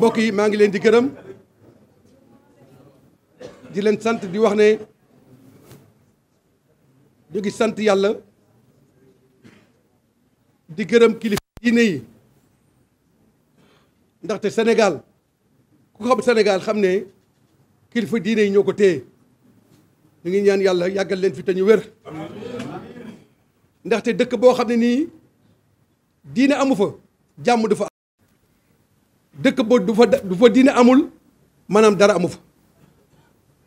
mbokk yi maa ngi leen di gërëm di leen sant di wax ne ñu ngi sant yàlla di gërëm kilifa diine yi ndaxte Sénégal ku xam Sénégal xam ne kilifa diine yi ñoo ko téye ñu ngi ñaan yàlla yàggal leen fi te ñu wér ndaxte dëkk boo xam ne nii diine amu fa jàmm dafa dëkk ba du fa du fa diine amul maanaam dara amu fa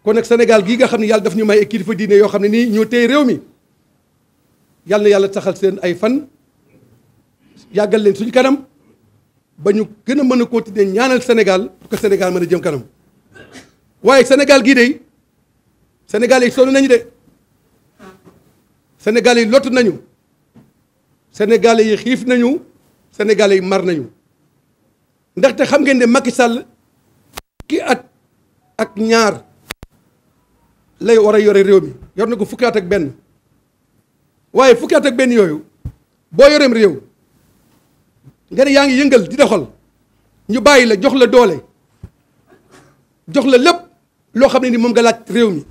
kon nag Sénégal gii nga xam ne yàlla daf ñu may kilifa diine yoo xam ne nii ñoo tey réew mi yàlla yàlla saxal seen ay fan yàggal leen suñu kanam ba ñu gën a mën a continuer ñaanal Sénégal pour que Sénégal mën a jëm kanam waaye Sénégal gii de Sénégal yi sonn nañu de Sénégal yi lottu nañu Sénégal yi xiif nañu Sénégal yi mar nañu. ndaxte xam ngeen ne Macky sàll fukki at ak ñaar lay war a yore réew mi yor na ko fukki at ak benn waaye fukki at ak benn yooyu boo yoreem réew nga ne yaa ngi yëngal di doxal ñu bàyyi la jox la doole jox la lépp loo xam ne ni moom nga laaj réew mi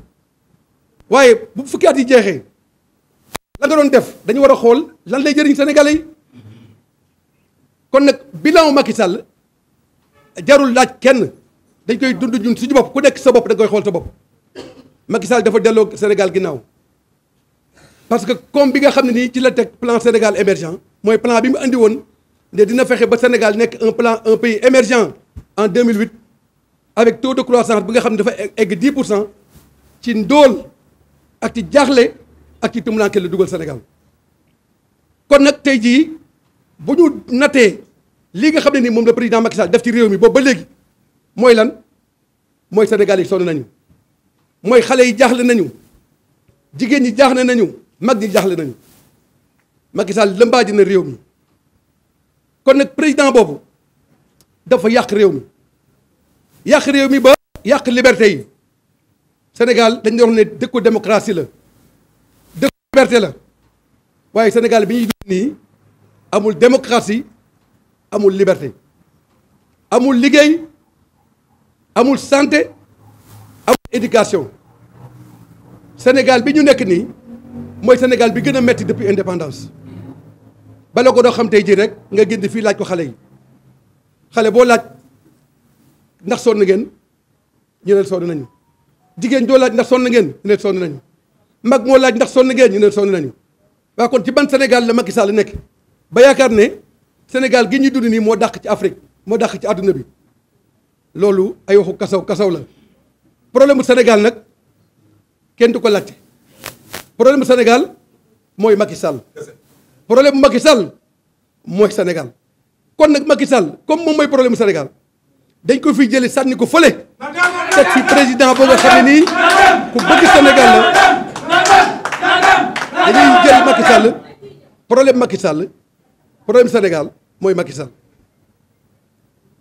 waaye bu fukki at yi jeexee la nga doon def dañu war a xool lan lay jëriñ Sénégalais yi kon nag bilan makki sàll jarul laaj kenn dañ koy dund ñun suñu bopp ku nekk sa bopp da koy xool sa bopp Macky Sall dafa delloo Sénégal ginnaaw parce que comme bi nga xam ne nii ci la teg plan Sénégal émergent mooy plan bi mu indi woon ne dina fexe ba Sénégal nekk un plan un pays émergent en 2008 avec taux de cent bi nga xam ne dafa egg pour cent ci ndóol ak ci jaaxle ak ci tumulaanke la dugal Sénégal kon nag tey jii bu ñu natee. lii nga xam ne ni moom la président Macky Sall def ci réew mi boobu ba léegi mooy lan mooy Sénégal yi sonn nañu mooy xale yi jaaxle nañu jigéen ñi jaaxle nañu mag ñi jaaxle nañu Macky Sall lëmbaaji na réew mi kon nag président boobu dafa yàq réew mi yàq réew mi ba yàq liberté yi Sénégal dañ doon ne dëkko démocratie la dëkku liberté la waaye Sénégal bi ñuy dund nii amul démocratie amul liberté amul liggéey amul santé amul éducation Sénégal bi ñu nekk nii mooy Sénégal bi gën a metti depuis indépendance bala ko doo xam tey jii rek nga génn fii laaj ko xale yi xale boo laaj ndax sonn ngeen ñu ne sonn nañu jigéen doo laaj ndax sonn ngeen ñu ne sonn nañu mag moo laaj ndax sonn ngeen ñu ne sonn nañu waa kon ci ban Sénégal la Macky la nekk ba yaakaar ne. Sénégal gi ñu dund nii moo dàq ci Afrique moo dàq ci àdduna bi loolu ay waxu kasaw kasaw la problème bu Sénégal nag kenn du ko laajte problème Sénégal mooy Macky Sall problème bu Macky Sall mooy Sénégal kon nag Macky Sall comme moom problème bu dañ ko fiy jëlee sànni ko fële teg fi président boo nga xam ne nii ku bëgg Sénégal la dañuy jël Macky Sall problème Macky Sall problème Sénégal mooy Macky Sall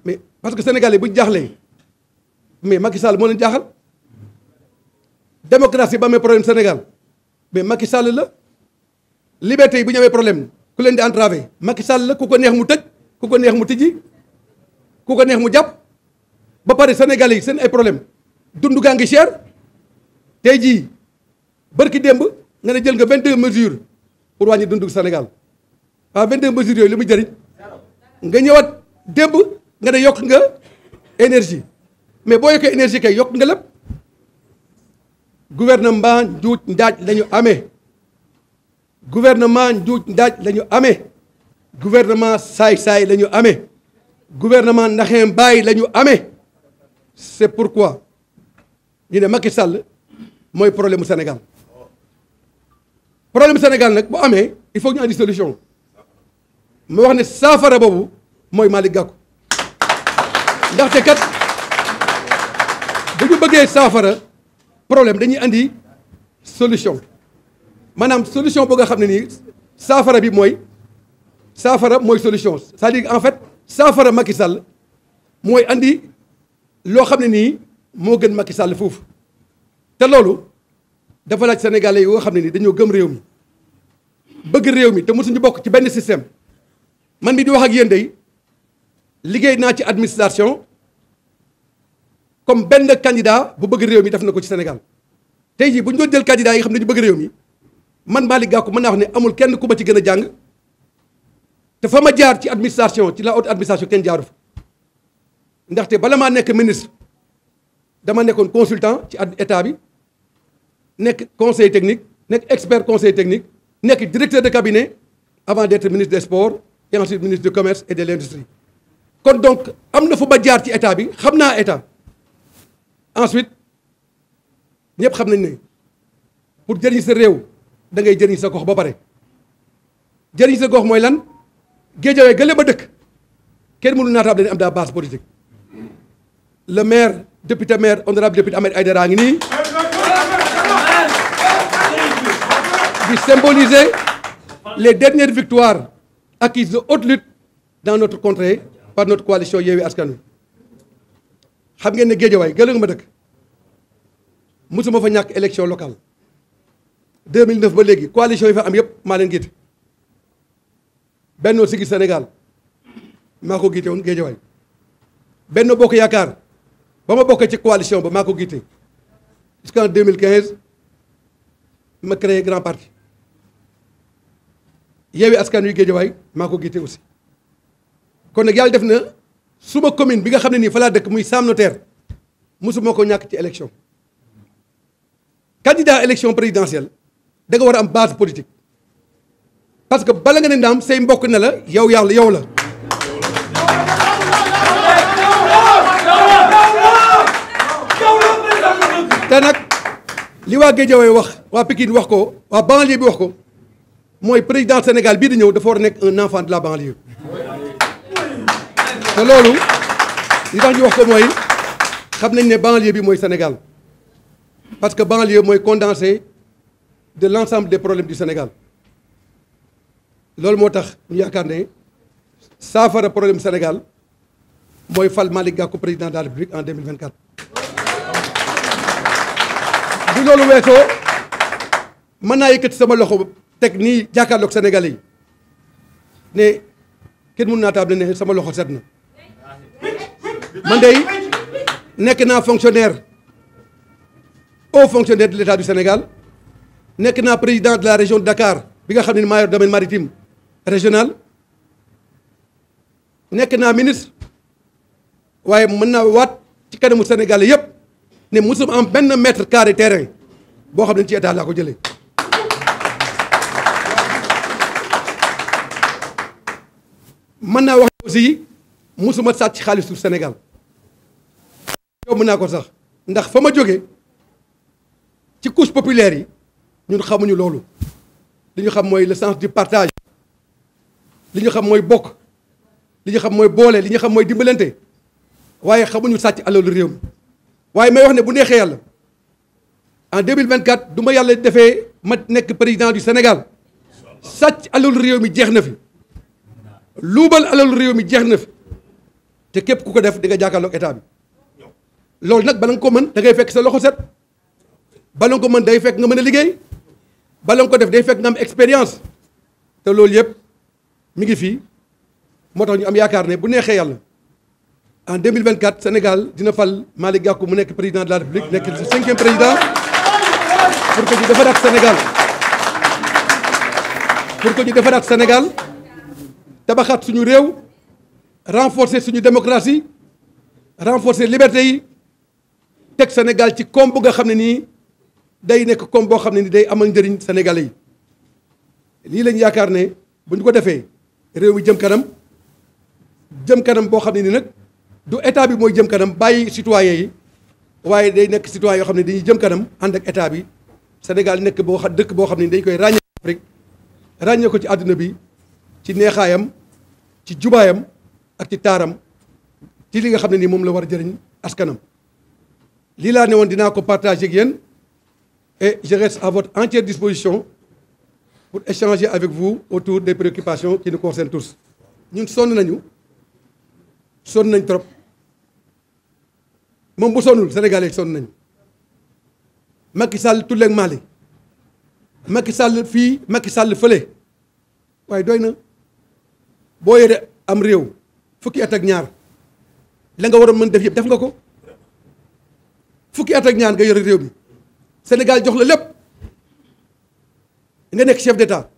mais parce que sénégalais bu jaaxlee mais Macky Sall moo leen jaaxal démocratie ba amee problème Sénégal mais Macky Sall la liberté yi bu ñu amee problème ku leen di entravé Macky Sall la ku ko neex mu tëj ku ko neex mu tijji ku ko neex mu jàpp ba pare sénégalais yi seen ay problème dund gaa ngi cher tey jii bërki démb nga ne jël nga 22 mesures pour wàññi dundu Sénégal waaw 22 yooyu li mu jariñ nga ñëwaat démb nga ne yokk nga énergie mais boo yokkee énergie kay yokk nga lépp gouvernement njuuj ndaaj la ñu amee gouvernement njuuj ndaaj la ñu amee gouvernement saay-saay la amee gouvernement ndaxee mbaay la ñu amee c'est pourquoi ñu ne Macky Sall mooy problème mu Sénégal problème Sénégal nag boo amee il faut ñu andi solution mu wax ne saafara boobu mooy Malick Gakou ndaxte kat bu bëggee saafara problème dañuy indi solution maanaam solution boo nga xam ne nii saafara bi mooy saafara mooy solution cest dire en fait saafara Macky sàll mooy indi loo xam ne nii moo gën Macky sàll foofu te loolu dafa laaj sénégalais yi xam ne nii dañoo gëm réew mi bëgg réew mi te mosuñu bokk ci benn système man mi di wax ak yéen day liggéey naa ci administration comme benn candidat bu bëgg réew mi def na ko ci Sénégal tey jii bu ñu doon jël yi xam ne ñu bëgg réew mi man Malick ko mën naa wax ne amul kenn ku ma ci gën a jàng te fa ma jaar ci administration ci la haute administration kenn jaaru fa ndaxte bala maa nekk ministre dama nekkoon consultant ci état bi nekk conseil technique nekk expert conseil technique nekk directeur de cabinet avant d'être ministre des sports et ensuite ministre du commerce et de l'industrie kon donc am na fu ma jaar ci état bi xam naa état ensuite ñëpp xam nañ ne pour jëriñ sa réew da ngay jëriñ sa gox ba pare jëriñ sa gox mooy lan géejawee gële ba dëkk kenn mënu naataam dañu am daa base politique le maire député maire honorable député Ahmed Aïdara ngi nii di symboliser les dernières victoires acquise de haute lutte dans notre contrée par notre coalition Yewwi Askan Wi xam ngeen ne Guédiawaye gëlëng ma dëkk mosuma fa ñàkk élection locale ba léegi coalition yi fa am yëpp maa leen giite Benno Siggil Sénégal maa ko giite woon Guédiawaye Benno Bokk Yaakaar ba ma bokkee ci coalition ba maa ko giite jusqu'en 2015 ma créé grand parti yeewi askan wi géejawaay maa ko giite aussi kon nag yàlla def na suma commune bi nga xam ne nii fa laa dëkk muy Sam Notaire mosuma ko ñàkk ci élection candidat élection présidentielle da nga war a am base politique parce que bala nga ne ndaam say mbokk ne la yow yàlla yow la te nag li waa géejawaay wax waa Pikine wax ko waa banlieue bi wax ko mooy président Sénégal bii di ñëw dafa war nekk un enfant de la banlieue te loolu li tax ñu wax ko mooy xam nañ ne banlieue bi mooy Sénégal parce que banlieue mooy condensé de l' ensemble des problèmes du Sénégal loolu moo tax ñu yaakaar ne saafara problème Sénégal mooy fal Malick Gakou président de la République en 2024 bu loolu weesoo mën naa yëkkati sama loxo teg nii jàkkaarloog sénégalais yi ne kenn mun naa taable ne sama loxo set na man nekk naa fonctionnaire haut fonctionnaire de l'État du Sénégal nekk naa président de la région de Dakar bi nga xam ne maa yor domaine maritime régional nekk naa ministre waaye mën naa waat ci kanamu Sénégalais yëpp ne mosum en benn mètre carré terrain boo xam ne ci état laa ko jëlee. mën naa wax aussi musuma sàcc ci xaalisu Sénégal yomb naa ko sax ndax fa ma jóge ci couche populaire yi ñun xamuñu loolu li ñu xam mooy le sens du partage li ñu xam mooy bokk li ñu xam mooy boole li ñu xam mooy dimbalante waaye xamuñu sàcc alalu réew mi waaye may wax ne bu neexee yàlla en 2024 du ma yàlla defee ma nekk président du Sénégal sàcc alalu réew mi jeex na fi luubal alalu réew mi jeex na fi te képp ku ko def di nga jàkkaarloog état bi loolu nag bala nga ko mën da ngay fekk sa loxo set bala nga ko mën day fekk nga mën a liggéey bala nga ko def day fekk nga am expérience te loolu yëpp mu ngi fii moo tax ñu am yaakaar ne bu neexee yàlla en vingt 2024 Sénégal dina fal Malick Gakou mu nekk président de la République nekk le cinquième président pour que ñu defaraat Sénégal pour que Sénégal. tabaxaat suñu réew renforcer suñu démocratie renforcer liberté yi teg Sénégal ci koom bu nga xam ne nii day nekk koom boo xam ne ni day amal njëriñ Sénégalais yi lii lañ yaakaar ne bu ñu ko defee réew mi jëm kanam jëm kanam boo xam ne ni nag du état bi mooy jëm kanam bàyyi citoyen yi waaye day nekk citoyen yoo xam ne dañuy jëm kanam ànd ak état bi Sénégal nekk boo xam dëkk boo xam ne dañ koy ràññee Afrique ràññee ko ci àdduna bi ci neexaayam ci jubaayam ak ci taaram ci li nga xam ne nii moom la war a jëriñ askanam lii laa ne dinaa ko partage ak yéen et je reste à votre entière disposition pour échanger avec vous autour des préoccupations qui nous concernent tous ñun sonn nañu sonn nañ trop moom bu sonnul Sénégalais yi sonn nañu Macky Sall tulleeg Mali Macky Sall fii Macky sàll fële waaye doy na boo yore am réew fukki at ak ñaar la nga waroon mën def yëpp def nga ko fukki at ak ñaar nga yore réew mi Sénégal jox la lépp nga nekk chef de d'état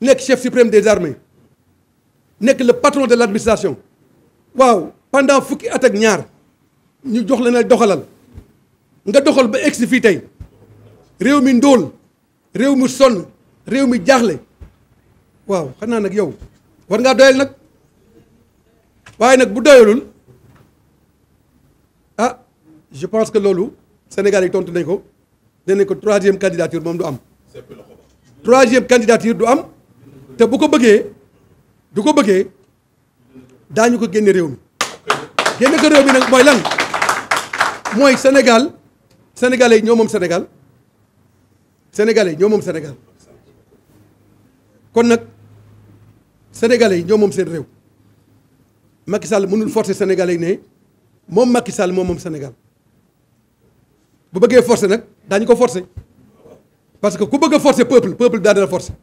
nekk chef suprême des armées nekk la patron de l'administration waaw pendant fukki at ak ñaar ñu jox la na doxalal nga doxal ba egsi fii tey réew mi ndóol réew mi sonn réew mi jaaxle waaw xanaa nag yow war ngaa doyal nag waaye nag bu doyalul ah je pense que loolu Sénégal yi tontu nañ ko nee nañ ko troisième candidature moom du am. troisième candidature du am te bu ko bëggee du ko bëggee daañu ko génne réew mi génne ko réew mi nag mooy lan mooy Sénégal sénégalais ñoo moom Sénégal sénégalais ñoo moom Sénégal kon nag. sénégalais yi ñoo moom seen réew Macky Sall mënul forcer sénégalais yi ne moom Macky Sall moom moom Sénégal bu bëggee forcer nag daañu ko forcer parce que ku bëgg a forcer peuple peuple daa dina forcer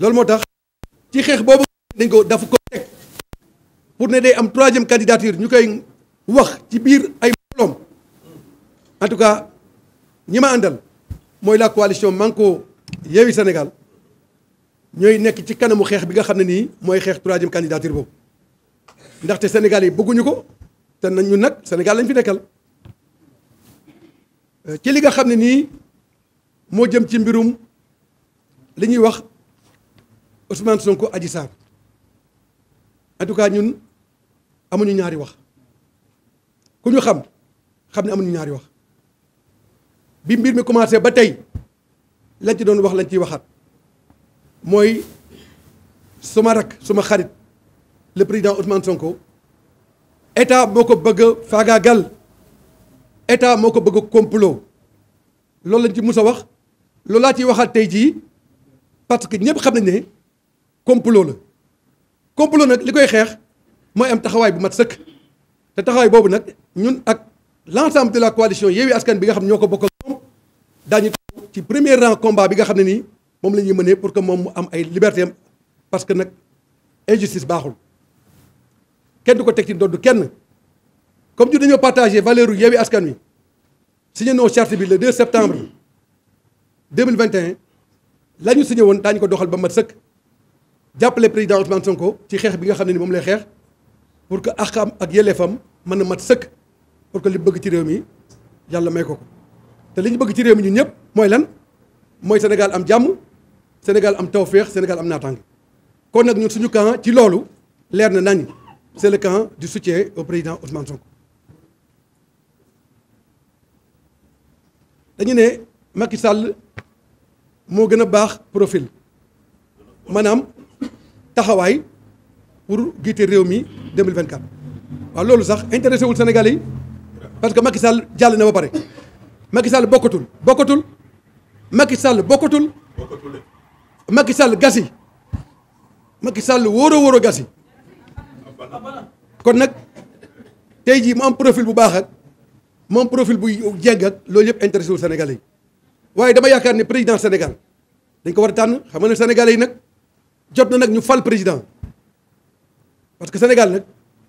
loolu moo tax ci xeex boobu dañ ko dafa ko teg pour ne day am troisième candidature ñu koy wax ci biir ay mbooloom en tout cas ñi ma àndal mooy la coalition Manko Yewwi Sénégal ñooy nekk ci kanamu xeex bi nga xam ne nii mooy xeex troisième candidature boobu ndaxte Sénégal yi bëgguñu ko te nañu nag Sénégal lañ fi nekkal euh, ci li nga xam ne nii moo jëm ci mbirum li ñuy wax Ousmane Sonko Adji Sarr en tout cas ñun amuñu ñaari wax ku ñu xam xam ne amuñu ñaari wax bi mbir mi commencé ba tey lañ ci doon wax lañ ciy waxaat. mooy suma rak suma xarit le président Ousmane Sonko état moo ko bëgg faagaagal état moo ko bëgg a complot loolu lañ ci mus a wax loolu laa ciy waxaat tey jii parce que ñëpp xam nañ ne complot la complot nag li koy xeex mooy am taxawaay bu mat sëkk te taxawaay boobu nag ñun ak l' ensemble de la coalition Yewwi Askan bi nga xam ñoo ko bokk ak moom daañu ci premier rang combat bi nga xam ne nii. moom la ñuy mënee pour que moom mu am ay liberté parce que nag injustice baaxul kenn du ko teg ci ndodd kenn comme ñu dañoo partagé valeur u Yewwi Askan Wi signé noo charte bi le 2 septembre 2021 la ñu signé woon daañu ko doxal ba mat sëkk jàppale président Ousmane Sonko ci xeex bi nga xam ne ni moom lay xeex pour que axam ak yelleefam mën na mat sëkk pour que li bëgg ci réew mi yàlla may ko ko te li ñu bëgg ci réew mi ñun ñëpp mooy lan mooy Sénégal am jàmm Sénégal am tawféex Sénégal am naataange kon nag ñun suñu camp ci loolu leer na nañ c'est le camp du soutien au président Ousmane Sonko. dañu ne Macky sàll moo gën a baax profil maanaam taxawaay pour jiite réew mi 2024 waaw loolu sax intéressé wul Sénégalais yi parce que Macky sàll jàll na ba pare Macky sàll bokkatul bokkatul Macky Sall bokkatul Macky sàll gasi Macky Sall wóoroo wóoroo gasi kon nag tey jii mu am profil bu baax ak mu am profil buy jégg ak loolu yëpp intéressé wul Sénégalais yi waaye dama yaakaar ne président Sénégal dañ ko war a tànn xam nga ne Sénégalais yi nag jot na nag ñu fal président parce que Sénégal nag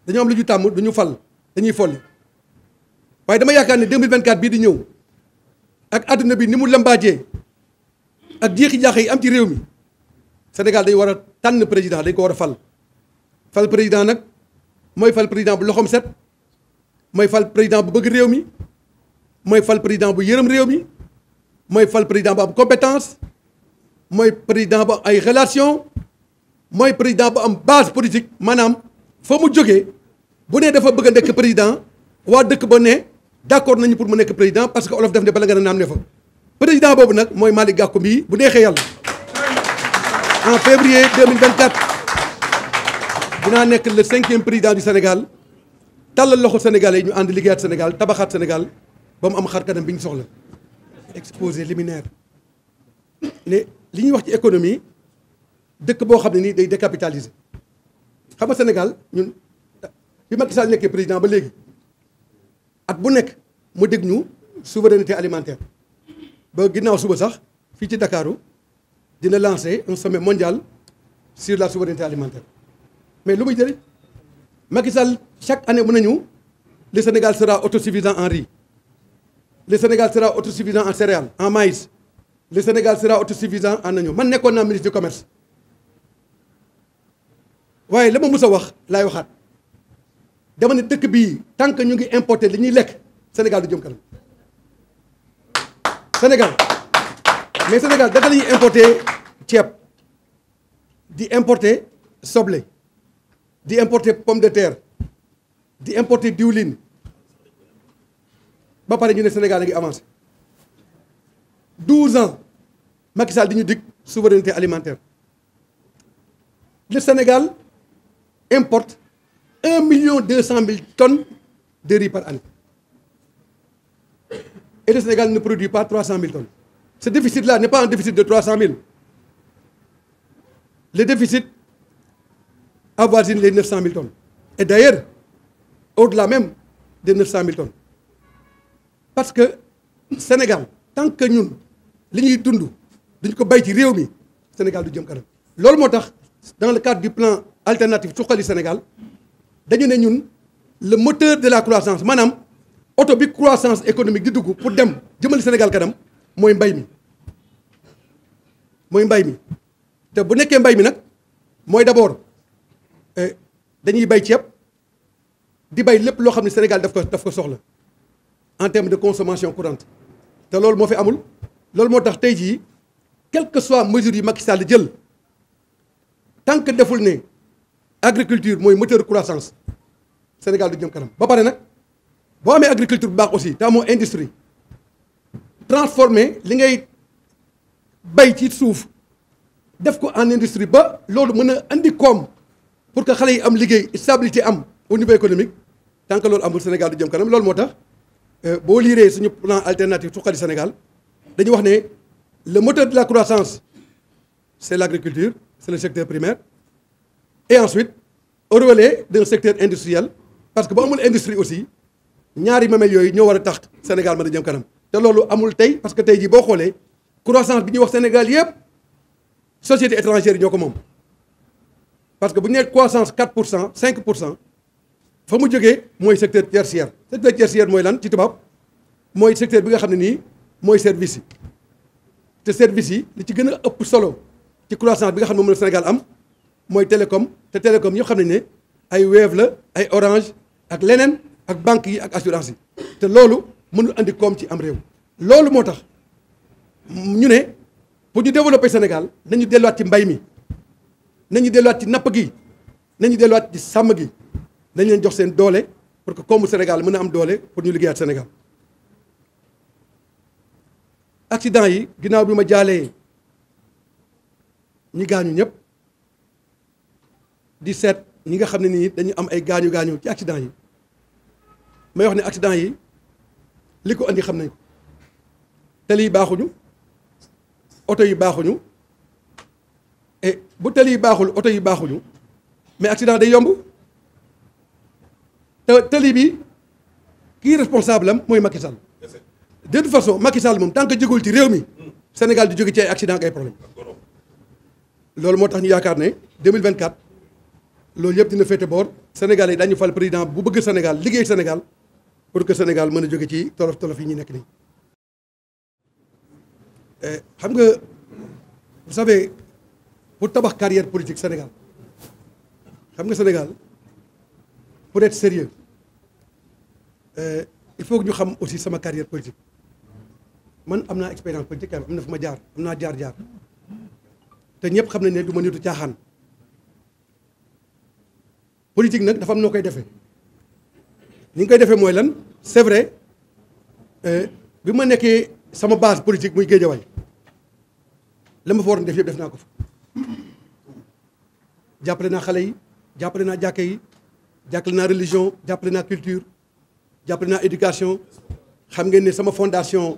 dañoo am lu ñu tàmm du ñu fal dañuy folli waaye dama yaakaar ne 2024 bii di ñëw ak àdduna bi ni mu lambaajee ak jeexi jaax yi am ci réew mi Sénégal day war a tànn président dañ ko war a fal fal président nag mooy fal président bu loxoom set mooy fal président bu bëgg réew mi mooy fal président bu yërëm réew mi mooy fal président bu am compétence mooy président bu ay relation mooy président bu am base politique maanaam fa mu jógee bu ne dafa bëgg a nekk président waa dëkk ba ne d'accord nañu pour mu nekk président parce que olof def ne bala nga a ne fa président boobu nag mooy Malick Gakou bii bu neexee yàlla en février 2024 dinaa nekk le cinquième président du Sénégal tàll loxo sénégal yi ñu ànd liggéeyaat Sénégal tabaxaat Sénégal ba mu am xar bi ñu soxla exposé liminaire li ñuy wax ci économie dëkk boo xam ne nii day décapitaliser xam Sénégal ñun bi Macky Sall nekkee président ba léegi at bu nekk mu dégg ñu souveraineté alimentaire ba ginnaaw suba sax fii ci Ndakaaru dina lancer un sommet mondial sur la souveraineté alimentaire mais lu muy jëriñ Macky Sall chaque année mën nañu le Sénégal sera autosuffisant en riz le Sénégal sera autosuffisant en céréales en maïs le Sénégal auto autosuffisant en oignon man nekkoon naa ministre du commerce waaye la ma mus wax laay waxaat dama dëkk bii tant que ñu ngi importer li ñuy lekk Sénégal du jëm kanam Sénégal. mais Sénégal daka la ñuy ceeb di importer soble di importer pomme de terre di importer diwlin ba pare ñu ne Sénégal a ngi avancé 12 ans Macky Sall di ñu dig souveraineté alimentaire le Sénégal importe 1 million 200 mille tonnes de riz par année et le Sénégal ne produit pas 300 mille tonnes. Ce déficit-là n'est pas un déficit de 300 000. Le déficit avoisine les 900 000 tonnes. Et d'ailleurs, au-delà même des 900 000 tonnes. Parce que Sénégal, tant que ñun li ñuy dund duñ ko bay ci réew mi Sénégal du jëm kanam. loolu moo tax dans le cadre du plan alternatif suqali Sénégal dañu ne ñun le moteur de la croissance maanaam oto bi croissance économique di dugg pour dem jëmali Sénégal kanam. mooy mbay mi mooy mbay mi te bu nekkee mbay mi nag mooy d'abord eh, dañuy bay ci ceeb di bay lépp loo xam ne Sénégal daf ko daf ko soxla en termes de consommation courante te loolu moo fi amul loolu moo tax tey jii quelles que soient mesures yi Macky di jël tant que deful ne agriculture mooy moteur croissance Sénégal du jëm kanam ba pare nag boo amee agriculture bu baax aussi te amoo industrie transformer li ngay bay ci suuf def ko en industrie ba loolu mën a indi koom pour que xale yi am liggéey stabilité am au niveau économique tant que loolu amul Sénégal du jëm kanam loolu moo tax euh, boo liiree suñu plan alternatif suqali Sénégal dañu wax ne le moteur de la croissance c'est l'agriculture c'est le secteur primaire et ensuite au relais d'un secteur industriel parce que bu amul industrie aussi ñaari mamel yooyu ñoo war a tax Sénégal mën a jëm te loolu amul tey parce que tey jii boo xoolee croissance bi ñuy wax Sénégal yëpp société étrangère yi ñoo ko moom parce que bu ñu nee croissance quatre pour cent cinq pour cent fa mu jógee mooy secteur tertiaire secteur tertiaire mooy lan ci tubaab mooy secteur bi nga xam ne nii mooy service yi te service yi li ci gën a ëpp solo ci croissance bi nga xam ne moom la Sénégal am mooy télécom te télécom yoo xam ne ne ay Wave la ay Orange ak leneen ak banques yi ak assurance yi te loolu. mënul andi comme ci am réew. loolu moo tax ñu ne pour ñu développer Sénégal nañu delluwaat ci mbay mi nañu delluwaat ci napp gi nañu delluwaat ci sàmm gi nañ leen jox seen doole pour que koomu Sénégal mën a am doole pour ñu liggéeyaat Sénégal. accident yi ginnaaw bi ma jaalee ñi gaañu ñëpp di seet ñi nga xam ne nii dañu am ay gaañu gaañu ci accident yi may wax ne accident yi. li ko andi xam nañ ko yi baaxuñu oto yi baaxuñu bu tali yi baaxul oto yi baaxuñu mais accident day yomb te tali bi kii responsable am mooy Macky Sall de toute façon Macky Sall moom tant que jógul ci réew mi hmm. Sénégal di jóge ci ay accident ak problème loolu moo tax ñu yaakaar ne 2024 loolu yëpp dina féete boor Sénégal yi dañu fal président bu bëgg Sénégal liggéey Sénégal pour que Sénégal mën a jóge ci tolof tolof yi ñu nekk nii eh, xam nga vous savez pour tabax carrière politique Sénégal xam nga Sénégal pour être sérieux euh, il faut ñu xam aussi sama carrière politique man am naa expérience politique am na fu ma jaar am naa jaar-jaar te ñëpp xam nañ ne du ma nitu caaxaan politique nag dafa am noo koy defee. ni ñu koy defee mooy lan c'est vrai euh, bi ma nekkee sama base politique muy Géejawaay la ma fa waroon def yëpp def naa ko fa jàppale naa xale yi jàppale naa jàkke yi jàppale naa religion jàppale naa culture jàppale naa éducation xam ngeen ne sama fondation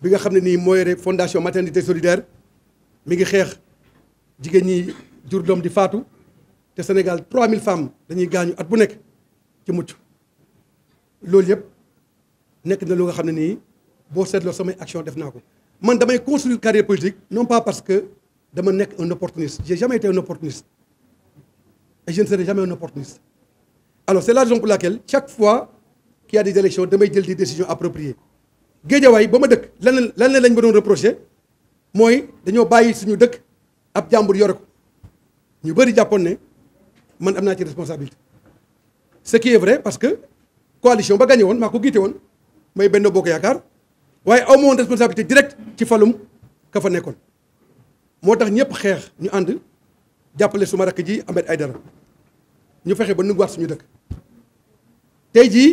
bi nga xam ne nii mooy yore fondation maternité solidaire mi ngi xeex jigéen ñi jur doom di faatu te Sénégal mille femmes dañuy gaañu at bu nekk ci mucc loolu yëpp nekk na lu nga xam ne nii boo seetloo samay action def naa ko man damay construire carrière politique non pas parce que dama nekk un opportuniste j'ai jamais été un opportuniste et je ne serai jamais un opportuniste c'est la raison laquelle chaque fois qu'il y a des élections damay jël des décisions appropriées géejawaay ba ma dëkk lan lan lañ ma doon reproché mooy dañoo bàyyi suñu dëkk ab jàmbur yore ko ñu bëri jàppoon ne man am naa ci responsabilité ce qui vrai parce que coalition ba gagné woon maa ko giite woon may benn bokk yaakaar waaye aw ma woon responsabilité directe ci falum ka fa nekkoon moo tax ñëpp xeex ñu ànd jàppale suma rakk ji ay Aïdara ñu fexe ba nu nanguwaat suñu dëkk tey jii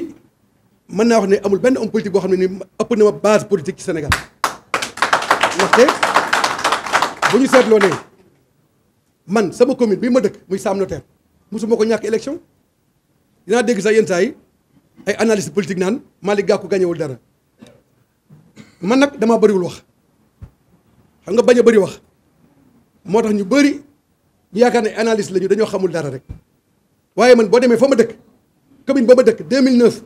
mën naa wax ne amul benn homme politique boo xam ne ni ëpp na ma base politique ci Sénégal ndaxte bu ñu seetloo ne man sama commune bi ma dëkk muy Sam Notaire mosuma ko ñàkk élection dinaa dégg sax yenn saa yi ay analyste politique naan Malick Gakou gañewul dara man nag damaa bëriwul wax xam nga bañ a bëri wax moo tax ñu bëri ñu yaakaar ne analyste lañu dañoo xamul dara rek waaye man boo demee fa ma dëkk commune ba ma dëkk 2009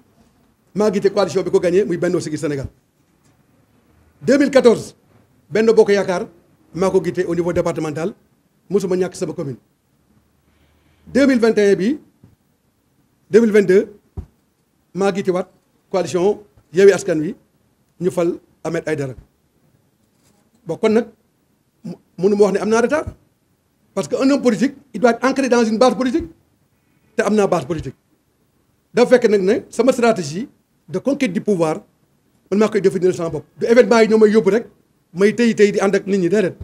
maa ngi jiite coalition bi ko gagné muy Benno Siggil Sénégal 2014 Benno Bokk Yaakaar maa ko jiite au niveau départemental mosuma ñàkk sama commune 2021 vingt deux maa ngi tiwaat coalition Yewwi Askan Wi ñu fal ay dara bon kon nag mënu mu wax ne am naa retard parce que un homme politique il doit être ancré dans une base politique te am naa base politique. dafa fekk nag ne sama stratégie de conquête du pouvoir man maa koy définir sama bopp du événement yi ñoo may yóbbu rek may tey tey di ànd ak nit ñi déedéet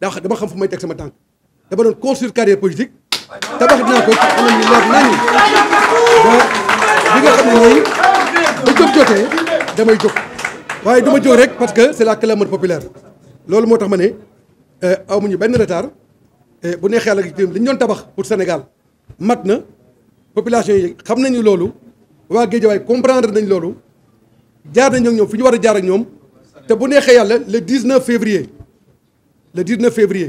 daa dama xam fu may teg sama tànk dama doon construire carrière politique tabax naa ko am na ñu li nga xam ne nii bu jóg jotee damay jóg waaye dama jóg rek parce que c'est la clameur populaire loolu moo tax ma ne euh, amuñu benn retard bu neexee yàlla li ñu doon tabax pour Sénégal mat na population yi xam nañu loolu waa Guédiawaye comprendre nañ loolu jaar nañ ak ñoom fi ñu war a jaar ak ñoom te bu neexee yàlla le 19 février le 19 février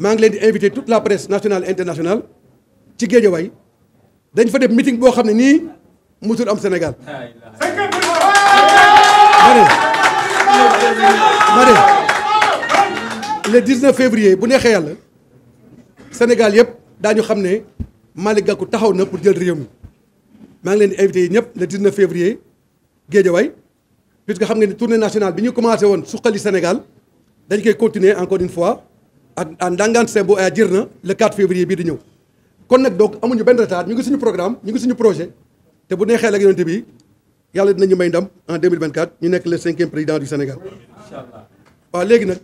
maa ngi leen di invité toute la presse nationale internationale ci Guédiawaye dañ fa def meeting boo xam ne nii musul am Sénégal ma ne le 19 février bu neexee yàlla Sénégal yëpp ñu xam ne Malick Gakou taxaw na pour jël réew mi maa ngi leen di invité yi ñëpp le 19 février Guédiawaye puisque xam nga ni tournée nationale bi ñu commencé woon suqali Sénégal dañ koy continuer encore une fois ak à Ndangane Sembo à na le 4 février bii di ñëw kon nag donc amuñu benn retard ñu ngi suñu programme ñu ngi suñu projet te bu neexee ak yonent bi yàlla dinañu may ndam en 2024 ñu nekk le cinquième président du Sénégal waa léegi nag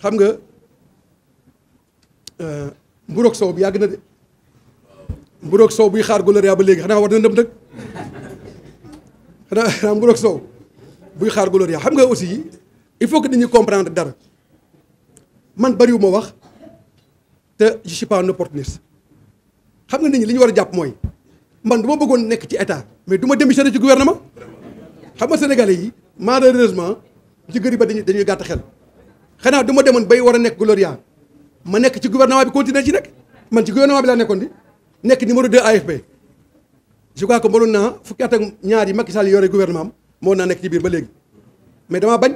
xam nga euh, mburoog sow yàgg na de buy xaar goloria ba léegi xanaa war na ndam nag xanaa xanaa mburoog buy xaar goloria xam nga aussi il faut que nit ñi comprendre dara man bariwuma wax te je suis pas un opportuniste xam nga nit ñi li ñu war a jàpp mooy man du ma bëggoon nekk ci état mais du ma démissionné ci gouvernement xam nga sénégalais yi malheureusement ci gëri ba dañuy dañuy gàtt xel xanaa du ma demoon bay war a nekk gloria ma nekk ci gouvernement bi continuer ci nekk man ci gouvernement bi laa nekkoon di nekk numéro 2 AFP je crois que mënoon naa fukki at ak ñaar yi Macky Sall yore gouvernement moo naa nekk ci biir ba léegi mais dama bañ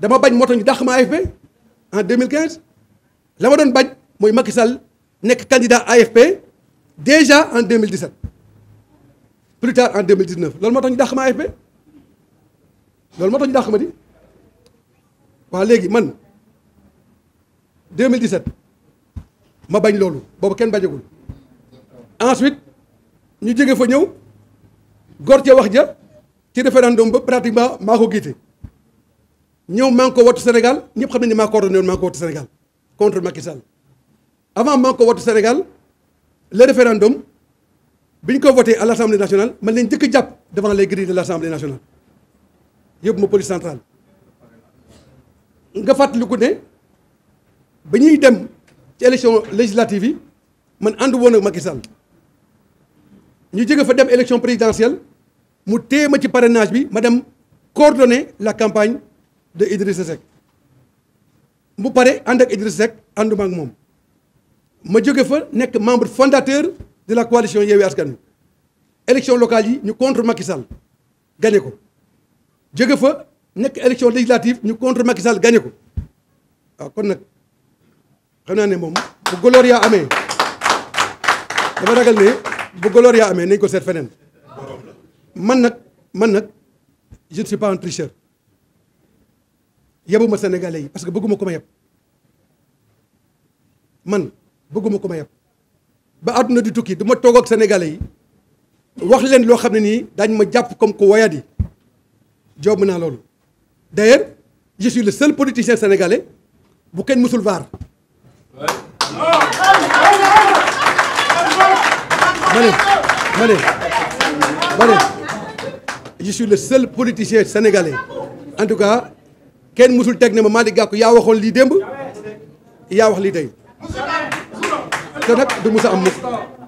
dama bañ moo tax ñu dàq ma AFP en doon bañ mooy Macky Sall nekk candidat AFP déjà en 2017 plus tard en 2019 loolu moo tax ñu dàq ma AFP loolu di waa léegi man 2017 ma bañ loolu boobu kenn bañagul ensuite ñu jege fa ñëw gor ca wax ja ci référendum ba pratiquement maa ko giite ñëw maa ngi ko wattu Sénégal ñëpp xam nañ ne maa coordonné woon ko wattu Sénégal contre Macky Sall avant maa ko vote Sénégal le référendum bi ñu ko voté à l' assemblée nationale man lañ njëkk jàpp devant les de l' assemblée nationale yóbbu ma police centrale nga fàttaliku ne ba ñuy dem ci élection législative yi man ànd woon ak Macky Sall ñu jóge fa dem élection présidentielle mu téye ma ci parrainage bi ma dem coordonner la campagne de Idrissa sec mu pare ànd ak Idrissa Seck ànduma ak moom ma jóge fa nekk membre fondateur de la coalition Yewwi Askan Wi élection locale yi ñu contre Macky Sall ko jóge fa nekk élection législative ñu contre Macky Sall ko waaw kon nag xam naa ne moom bu goloor yaa amee dafa ragal ne bu goloor yaa amee nañ ko seet feneen man nag man nag je ne suis pas un tricheur yebuma Sénégalais yi parce que bëgguma ko ma yeb man bëgguma ko ma yab ba àdduna di tukki du ma toog ak sénégalais yi wax leen loo xam ne nii dañ ma jàpp comme ko wayadi joob naa loolu d'ailleurs je suis le politicien sénégalais bu kenn mësul vaar ma ne ma ne ma ne je suis politicien sénégalais en tout cas kenn mësul teg ne ma Malick Gakou yaa waxoon lii démb yaa wax lii tey te nag du mus a am mukk